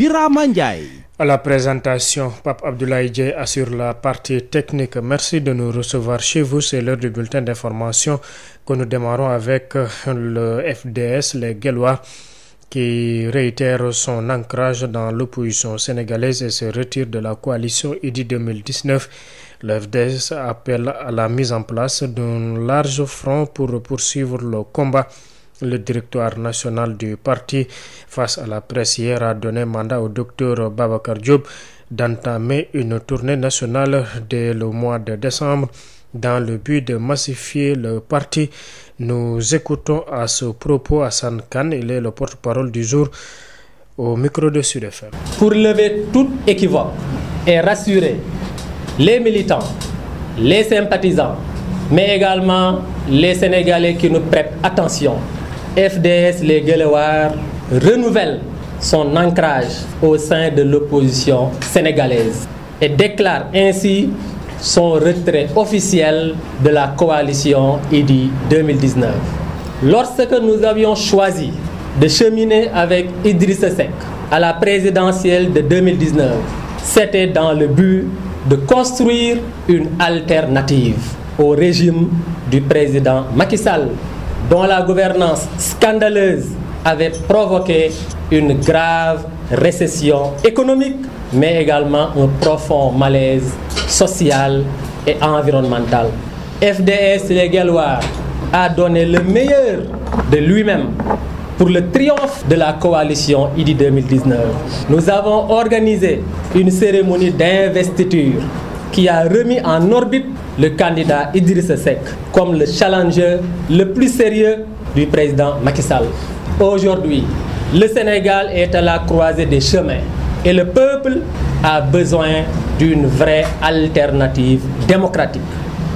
Birama Ndiaye. À la présentation, Pape assure la partie technique. Merci de nous recevoir chez vous. C'est l'heure du bulletin d'information que nous démarrons avec euh, le FDS, les Guelwaars qui réitère son ancrage dans l'opposition sénégalaise et se retire de la coalition Idy 2019. Le FDS appelle à la mise en place d'un large front pour poursuivre le combat Le directoire national du parti, face à la presse hier, a donné mandat au docteur Babacar Diop d'entamer une tournée nationale dès le mois de décembre dans le but de massifier le parti. Nous écoutons à ce propos Hassan Khan, il est le porte-parole du jour au micro de Sud FM. Pour lever toute équivoque et rassurer les militants, les sympathisants, mais également les Sénégalais qui nous prêtent attention FDS Les Gueulewaars renouvelle son ancrage au sein de l'opposition sénégalaise et déclare ainsi son retrait officiel de la coalition IDI 2019. Lorsque nous avions choisi de cheminer avec Idriss Seck à la présidentielle de 2019, c'était dans le but de construire une alternative au régime du président Macky dont la gouvernance scandaleuse avait provoqué une grave récession économique, mais également un profond malaise social et environnemental. FDS Sénégal-Loire a donné le meilleur de lui-même pour le triomphe de la coalition IDI 2019. Nous avons organisé une cérémonie d'investiture qui a remis en orbite le candidat Idrissa Seck comme le challenger le plus sérieux du président Macky Sall. Aujourd'hui, le Sénégal est à la croisée des chemins et le peuple a besoin d'une vraie alternative démocratique.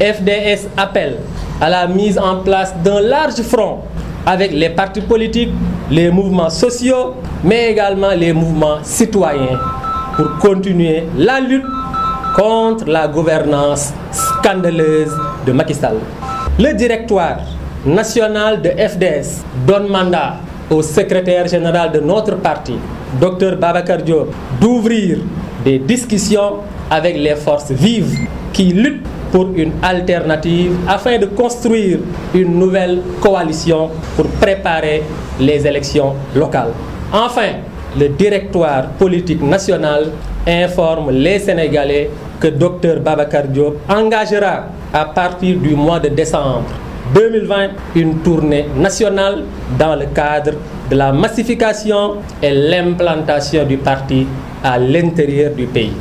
FDS appelle à la mise en place d'un large front avec les partis politiques, les mouvements sociaux, mais également les mouvements citoyens pour continuer la lutte contre la gouvernance scandaleuse de Macky Sall. Le directoire national de FDS donne mandat au secrétaire général de notre parti, Dr Babacar Diop, d'ouvrir des discussions avec les forces vives qui luttent pour une alternative afin de construire une nouvelle coalition pour préparer les élections locales. Enfin, le directoire politique national informe les Sénégalais que docteur Babacar Diop engagera à partir du mois de décembre 2020 une tournée nationale dans le cadre de la massification et l'implantation du parti à l'intérieur du pays.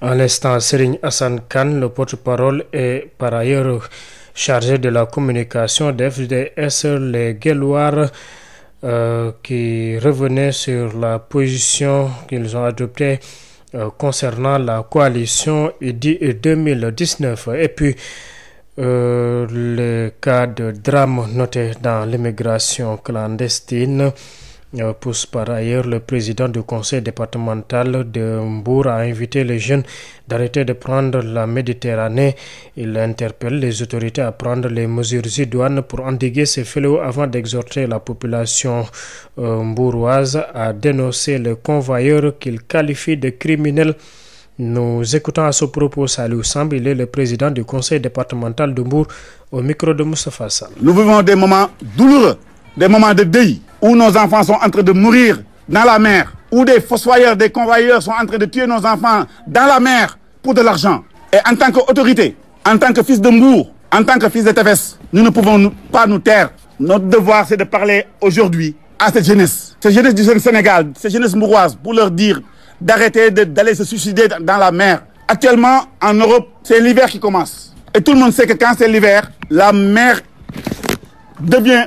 En l'instant, Serigne Hassan Khan, le porte-parole, est par ailleurs chargé de la communication des FDS, les Guéloirs, euh, qui revenaient sur la position qu'ils ont adoptée Euh, concernant la coalition IDI 2019. Et puis, euh, le cas de drame noté dans l'immigration clandestine. Euh, pousse par ailleurs le président du conseil départemental de Mbour a invité les jeunes d'arrêter de prendre la Méditerranée. Il interpelle les autorités à prendre les mesures idoines pour endiguer ces fléaux avant d'exhorter la population euh, mbouroise à dénoncer les convoyeurs qu'il qualifie de criminels. Nous écoutons à ce propos Saliou Samb, il est le président du conseil départemental de Mbour au micro de Moustapha où nos enfants sont en train de mourir dans la mer, où des fossoyeurs, des convoyeurs sont en train de tuer nos enfants dans la mer pour de l'argent. Et en tant qu'autorité, en tant que fils de Mbour, en tant que fils de TFS, nous ne pouvons nous, pas nous taire. Notre devoir, c'est de parler aujourd'hui à cette jeunesse, cette jeunesse du Sénégal, cette jeunesse mouroise, pour leur dire d'arrêter d'aller se suicider dans la mer. Actuellement, en Europe, c'est l'hiver qui commence. Et tout le monde sait que quand c'est l'hiver, la mer devient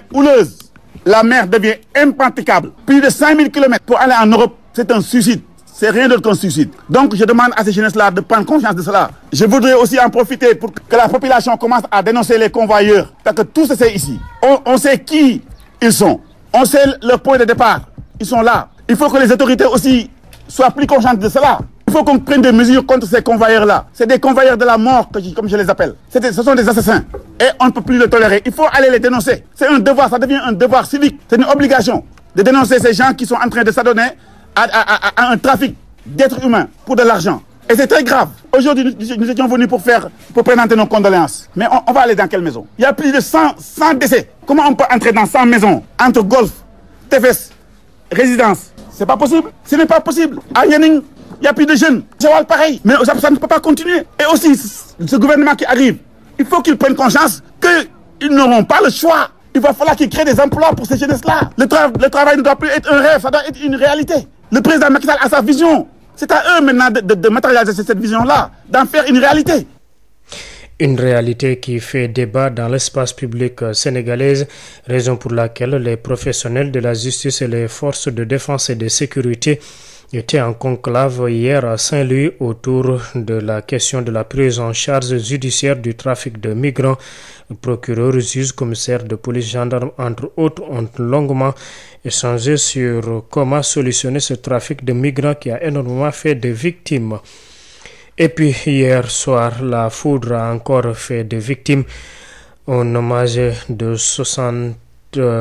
la mer devient impraticable. Plus de 5000 kilomètres pour aller en Europe, c'est un suicide. C'est rien d'autre qu'un suicide. Donc je demande à ces jeunesses-là de prendre conscience de cela. Je voudrais aussi en profiter pour que la population commence à dénoncer les convoyeurs. Parce que tout se sait ici. On, sait qui ils sont. On sait leur point de départ. Ils sont là. Il faut que les autorités aussi soient plus conscientes de cela. faut qu'on prenne des mesures contre ces convoyeurs-là. C'est des convoyeurs de la mort, que je, comme je les appelle. Des, ce sont des assassins. Et on ne peut plus le tolérer. Il faut aller les dénoncer. C'est un devoir, ça devient un devoir civique. C'est une obligation de dénoncer ces gens qui sont en train de s'adonner à, à, à, à un trafic d'êtres humains pour de l'argent. Et c'est très grave. Aujourd'hui, nous étions venus pour faire, pour présenter nos condoléances. Mais on, on va aller dans quelle maison Il y a plus de 100, 100 décès. Comment on peut entrer dans 100 maisons entre golf, TFS, résidence C'est pas possible. Ce n'est pas possible. À Yening, y a de jeunes. pareil. Mais ne peut pas continuer. Et aussi, ce gouvernement qui arrive, il faut qu'ils prennent conscience qu'ils n'auront pas le choix. Il va falloir qu'ils créent des emplois pour ces jeunesses-là. Le, travail ne doit plus être un rêve, ça doit une réalité. Le président Macky a sa vision. C'est à eux maintenant de, de, de matérialiser cette vision-là, d'en faire une réalité. Une réalité qui fait débat dans l'espace public euh, sénégalaise, raison pour de la les forces de défense et de sécurité était en conclave hier à saint autour de la question de la prise en charge judiciaire du trafic de migrants. Procureurs, juges, commissaires de police, gendarmes, entre autres, ont longuement échangé sur comment solutionner ce trafic de migrants qui a énormément fait des victimes. Et puis hier soir, la foudre a encore fait des victimes. Un hommage euh,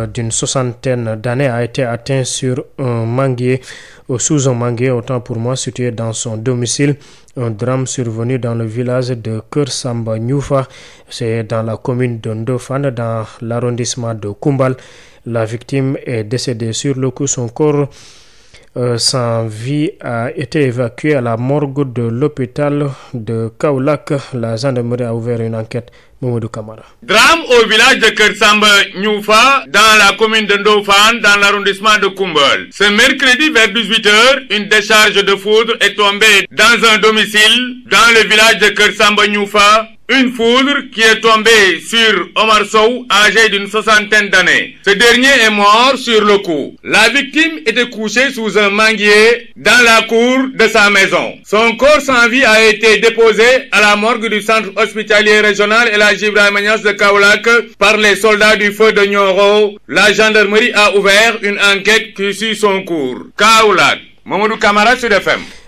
d'une soixantaine d'années a été atteint sur un manguier au Sous-Mangué, autant pour moi, situé dans son domicile. Un drame survenu dans le village de Kersamba Nyufa, c'est dans la commune de Ndofane, dans l'arrondissement de Koumbal. La victime est décédée sur le coup. Son corps Euh, sans vie a été évacué à la morgue de l'hôpital de Kaolack. La gendarmerie a ouvert une enquête. Mamadou Camara. Drame au village de Kër Samba Ñuufa dans la commune de Ndofane dans l'arrondissement de Koumbol. Ce mercredi vers 18 heures, une décharge de foudre est tombée dans un domicile dans le village de Kër Samba Ñuufa. Une foudre qui est tombée sur Omar âgé d'une soixantaine d'années. Ce dernier est mort sur le coup. La victime était couchée sous un manguier dans la cour de sa maison. Son corps sans vie a été déposé à la morgue du centre hospitalier régional et Hadji Ibrahima Niass de Kaolack par les soldats du feu de Nioro. La gendarmerie a ouvert une enquête qui suit son cours. Kaolack, Mamadou Camara, Sud FM.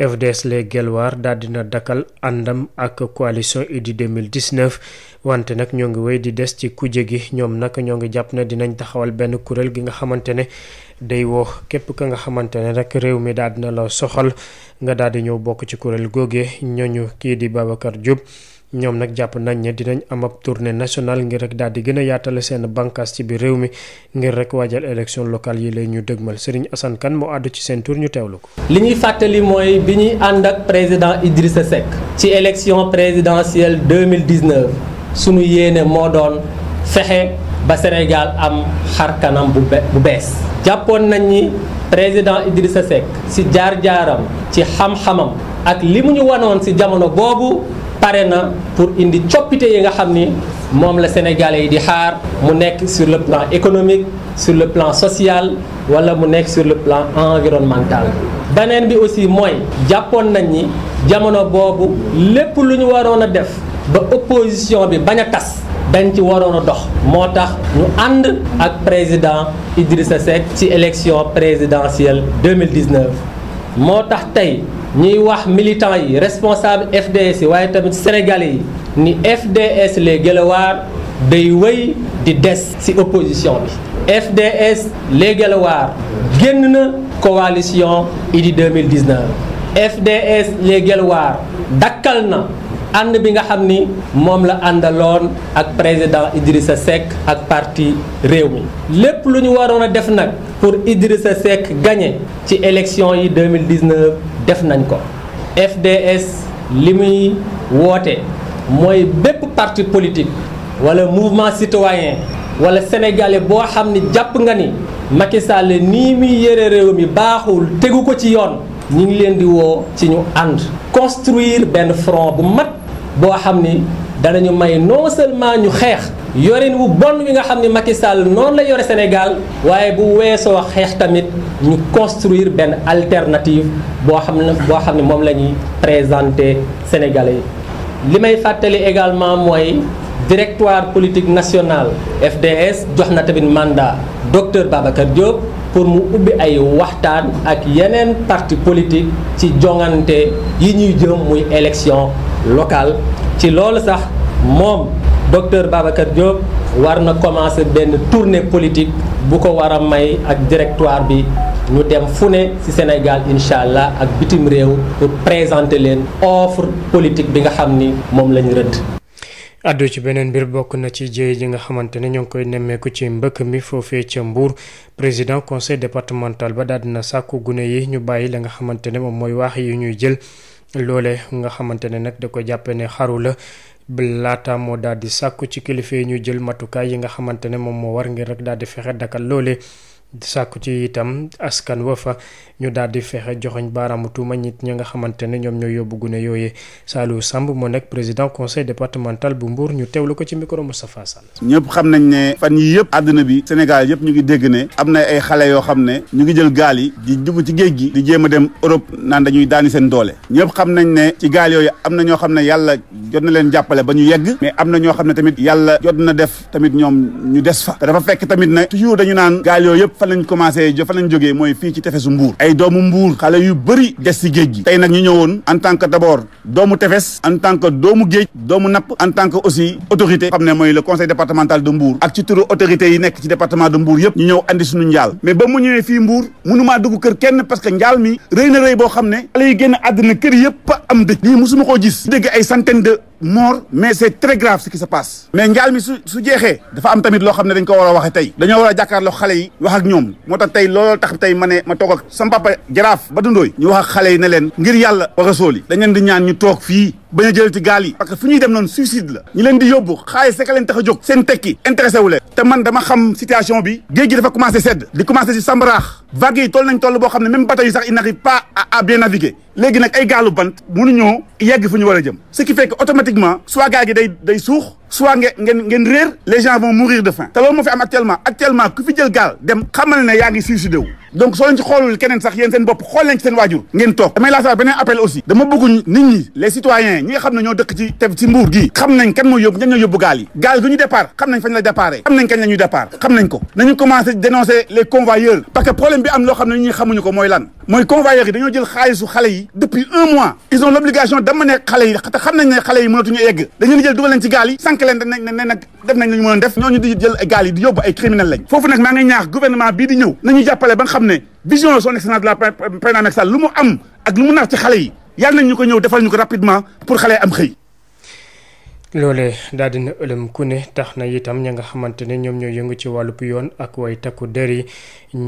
FDS les Guelwaar daal dina dakkal àndam ak coalition Idy 2019 wante nag ñoo ngi wéy di des ci kuje gi ñoom nag ñoo ngi jàpp na dinañ taxawal benn kuréel gi nga xamante ne day woo képp ka nga xamante ne rek réew mi daal na la soxal nga daal di ñëw bokk ci kuréel googee ñooñu kii di Babacar Diop. ñoom nag jàpp nañ ne dinañ am ab tournée nationale ngir rek daal di gën a yaatale seen bànqaas ci biir réew mi ngir rek waajal élection locale yi lay ñu dëgmal Serigne Assane Kane moo àddu ci seen tour ñu teewlu ko. li ñuy fàttali mooy bi ñuy ànd ak président Idrissa Seck ci élection présidentielle 2019 sunu yéene moo doon fexe ba Sénégal am xar kanam bu bu bees jàppoon nañ ñi président Idrissa Seck ci jaar-jaaram ci xam-xamam ak li mu ñu wanoon ci jamono boobu. pare na pour indi coppite yi nga xam ni moom la sénégalais yi di xaar mu nekk sur le plan économique sur le plan social wala mu nekk sur le plan environnemental. beneen bi aussi mooy jàppoon nañ ni jamono boobu lépp lu ñu waroon a def ba opposition bi bañ a tas. dañ ci waroon a dox moo tax ñu ànd ak président Idrissa Seck ci élection présidentielle 2019 moo tax tey. ñuy wax militants yi responsable FDS yi waaye tamit sénégalais yi ni FDS les Guelwaar day wéy di des ci opposition bi FDS les Guelwaar génn na coalition Idy 2019 FDS les Guelwaar dakkal na ànd bi nga xam ni moom la àndaloon ak président sa Seck ak parti mi lépp lu ñu waroon a def nag pour sa Seck gagné ci élection yi 2019 def nañ ko FDS li muy woote mooy bépp parti politique wala mouvement citoyen wala sénégalais boo xam ni jàpp nga ni Macky nii muy yëre réew mi baaxul tegu ko ci yoon ñu ngi leen di woo ci ñu ànd construire benn front bu mag boo xam ni danañu may non seulement ñu xeex yorin wu bon wi nga xam ne Macky Sall noonu la yore Sénégal waaye bu weesoo xeex tamit ñu construire benn alternative boo xam ne boo xam ne moom la ñuy présenter Sénégalais yi. li may fàttali également mooy directoire politique national FDS jox na tamit mandat docteur Babacar Diop pour mu ubbi ay waxtaan ak yeneen parti politique ci joŋante yi ñuy jëm muy élection locale ci loolu sax moom. docteur Babacar Diop war na commencer benn tournée politique bu ko war a may ak directoire bi ñu dem fu ne ci Sénégal incha allah ak bitim réew pour présenter leen offre politique bi nga xam ni moom lañu ñu rëdd. addu ci beneen mbir bokk na ci jéey ji nga xamante ne ñoo ngi koy nemmeeku ci mbëkk mi foofee ca mbuur président conseil départemental ba daal dina sàkku gune yi ñu bàyyi la nga xamante ne moom mooy waax yi ñuy jël loole nga xamante ne nag da ko jàppe ne xaru laata moo daldi sàkku ci kilifa yi ñu jël matukaay yi nga xamante ne moom moo war ngir rek daal di fexe dakal loole sàkku ci itam askan wa fa ñu daal di fexe joxoñ baaraamu tuuma nit ñi nga xamante ne ñoom ñooy yóbbu gune yooyee Saliou Samb moo nekk président conseil départemental bu Mbour ñu teewlu ko ci micro Moustapha Sall. ñëpp xam nañ ne fan yi yëpp àdduna bi Sénégal yëpp ñu ngi dégg ne am na ay xale yoo xam ne ñu ngi jël gaal yi di dugg ci géej gi di jéem a dem Europe naan dañuy daani seen doole ñëpp xam nañ ne ci gaal yooyu am na ñoo xam ne yàlla jot na leen jàppale ba ñu yegg mais am na ñoo xam ne tamit yàlla jot na def tamit ñoom ñu des fa te fekk tamit ne toujours dañu naan gaal yooyu yëpp fan lañ commencé fan lañ jógee mooy fii ci tefesu mbuur ay doomu mbuur xale yu bëri des si géej gi tey nag ñu ñëwoon en tant que d'abord doomu tefes en tant que doomu géej doomu napp en tant que aussi autorité mooy le conseil départemental de Mbour ak ci turu autorité yi nekk ci département de Mbour yëpp ñu ñëw andi suñu njaal mais ba mu ñëwee fii Mbour mënumaa dugg kër kenn parce que njaal mi rëy na rëy boo xam ne xale yi àddina kër yëpp am mort mais c' est très grave ce qui se passe mais njaal mi su su jeexee dafa am tamit loo xam ne dañ ko war a waxee tey dañoo war a jàkkaarloo xale yi wax ak ñoom moo tax tey looloo tax tey ma ne ma toog ak sama papa jaraaf ba dundooy ñu wax xale yi ne leen ngir yàlla wa rasool yi dañ leen di ñaan ñu toog fii bañ a gaal yi parce que fu ñuy dem noonu suicide la ñu leen di yóbbu xaalis rek a leen tax a jóg seen tekki intéressé wu leen te man dama xam situation bi géej gi dafa commencé sedd di commencé si sambaraax vague yi toll nañ toll boo xam ne même bateau yi sax il n'arrive pas à bien naviguer léegi nag ay gaalu bant mënuñoo yegg fu ñu war a jëm ce qui fait que automatiquement soit gaal gi day day suux soit ngeen ngeen ngeen réer les gens vont mourir de ku fi jël gaal dem xamal ne ngi suicidé wu donc soo leen ci xoolul keneen sax yéen seen bopp xool leen ci seen waajur ngeen toog damay laasaar appel aussi dama bëgg nit ñi les citoyens ñi xam ne dëkk ci te ci mbuur gi xam nañ fañ nañ kañ nañ ko nañu commencé dénoncer les convoyeurs parce que problème bi am loo xam ne ñi xamuñu ko mooy lan mooy convoyeurs yi dañoo jël xaalisu xale yi depuis un mois ils ont l'obligation dama ne xale yi te ne xale yi dañu leen jël dugal leen ci gaal yi leen ne ne nag def nañ la def ñooñu xam ne vision son excellence de la président Macky Sall lu mu am ak lu mu nar ci xale yi yàlla nañ ñu ko ñëw defal ñu ko rapidement pour xale am xëy loolee daal na ëlëm ku ne tax na itam ña nga xamante ne ñoom ñoo yëngu ci wàllub yoon ak way takku der yi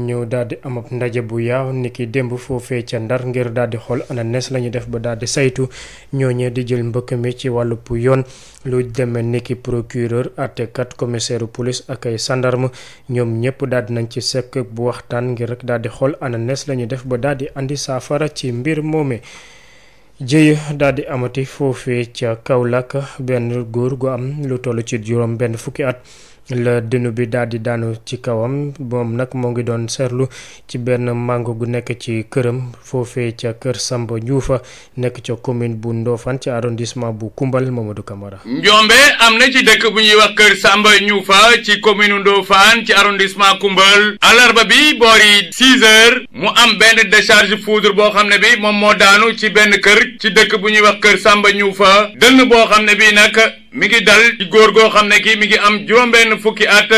ñu daal di amab ndaje bu yaaw niki demb foofee ca ndar ngir daal di xool ana la ñu def ba daal di saytu ñooñee di jël mbëkk mi ci wàllub yoon lu demee niki procureur àttekat commissaire polis ak ay sandarme ñoom ñëpp daal di nañ ci sekk bu waxtaan ngir rek daal di xool ana la ñu def ba daal di andi saafara ci mbir moome. jëye daal di amati foofee ca Kaolack benn góor gu am lu toll ci juróom benn fukki at la dënnu bi daal di daanu ci kawam moom nag moo ngi doon seetlu ci benn màngo gu nekk ci këram foofee ca kër Samba ñuufa nekk ca commune bu Ndofane ci arrondissement bu Koumbal Mamadou kamara Njombe am na ci dëkk bu ñuy wax kër Samba Ndioufa ci commune Ndofane ci arrondissement Koumbal alarba bi boori 6 heures mu am benn décharge foudre boo xam ne bi moom moo daanu ci benn kër ci dëkk bu ñuy wax kër sàmba Ndioufa dënn boo xam ne bi nag. mi ngi dal ci góor goo xam ne kii mi ngi am juróom-benn fukki at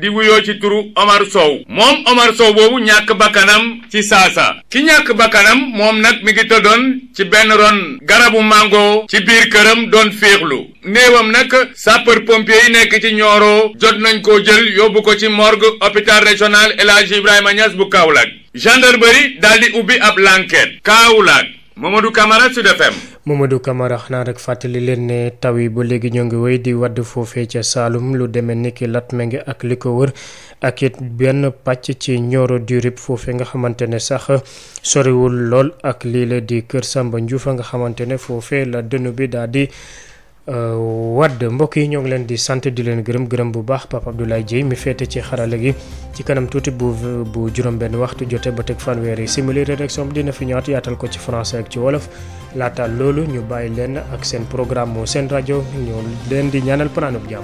di wuyoo ci turu Omar soow moom Omar Sow boobu ñàkk bakkanam ci saasa ki ñàkk bakkanam moom nag mi ngi tëddoon ci benn ron garabu mango ci biir këram doon féexlu néewam nag sapeur pompier yi nekk ci Nioro jot nañ ko jël yóbbu ko ci morgue hôpital régional El Hadj Ibrahima Niass bu Kaolack gendarmerie daal di ubbi ab l'enquête Kaolack Mamadou Camara Sud FM. Mamadou Camara xanaa rek fàttali leen ne taw yi ba léegi ñoo ngi wéy di wadd foofee ca Saalum lu demee ni ki Latmingué ak li ko wër ak it benn pàcc ci Nioro du foofe nga xamante ne sax soriwul lool ak lii la di Kër Samba Ndiouf nga xamante ne foofee la dënnu bi daal di. Euh, Wade mbokk yi ñoo ngi leen di sant di leen gërëm gërëm bu baax Papa Abdoulaye Dieye mi féete ci xarala gi ci kanam tuuti bu bu juróom-benn waxtu jote ba teg fanweeri simili rédaction bi dina fi ñëwaat yaatal ko ci français ak ci wolof laata loolu ñu bàyyi leen ak seen programme moo seen rajo ñu leen di ñaanal panaanub jàmm.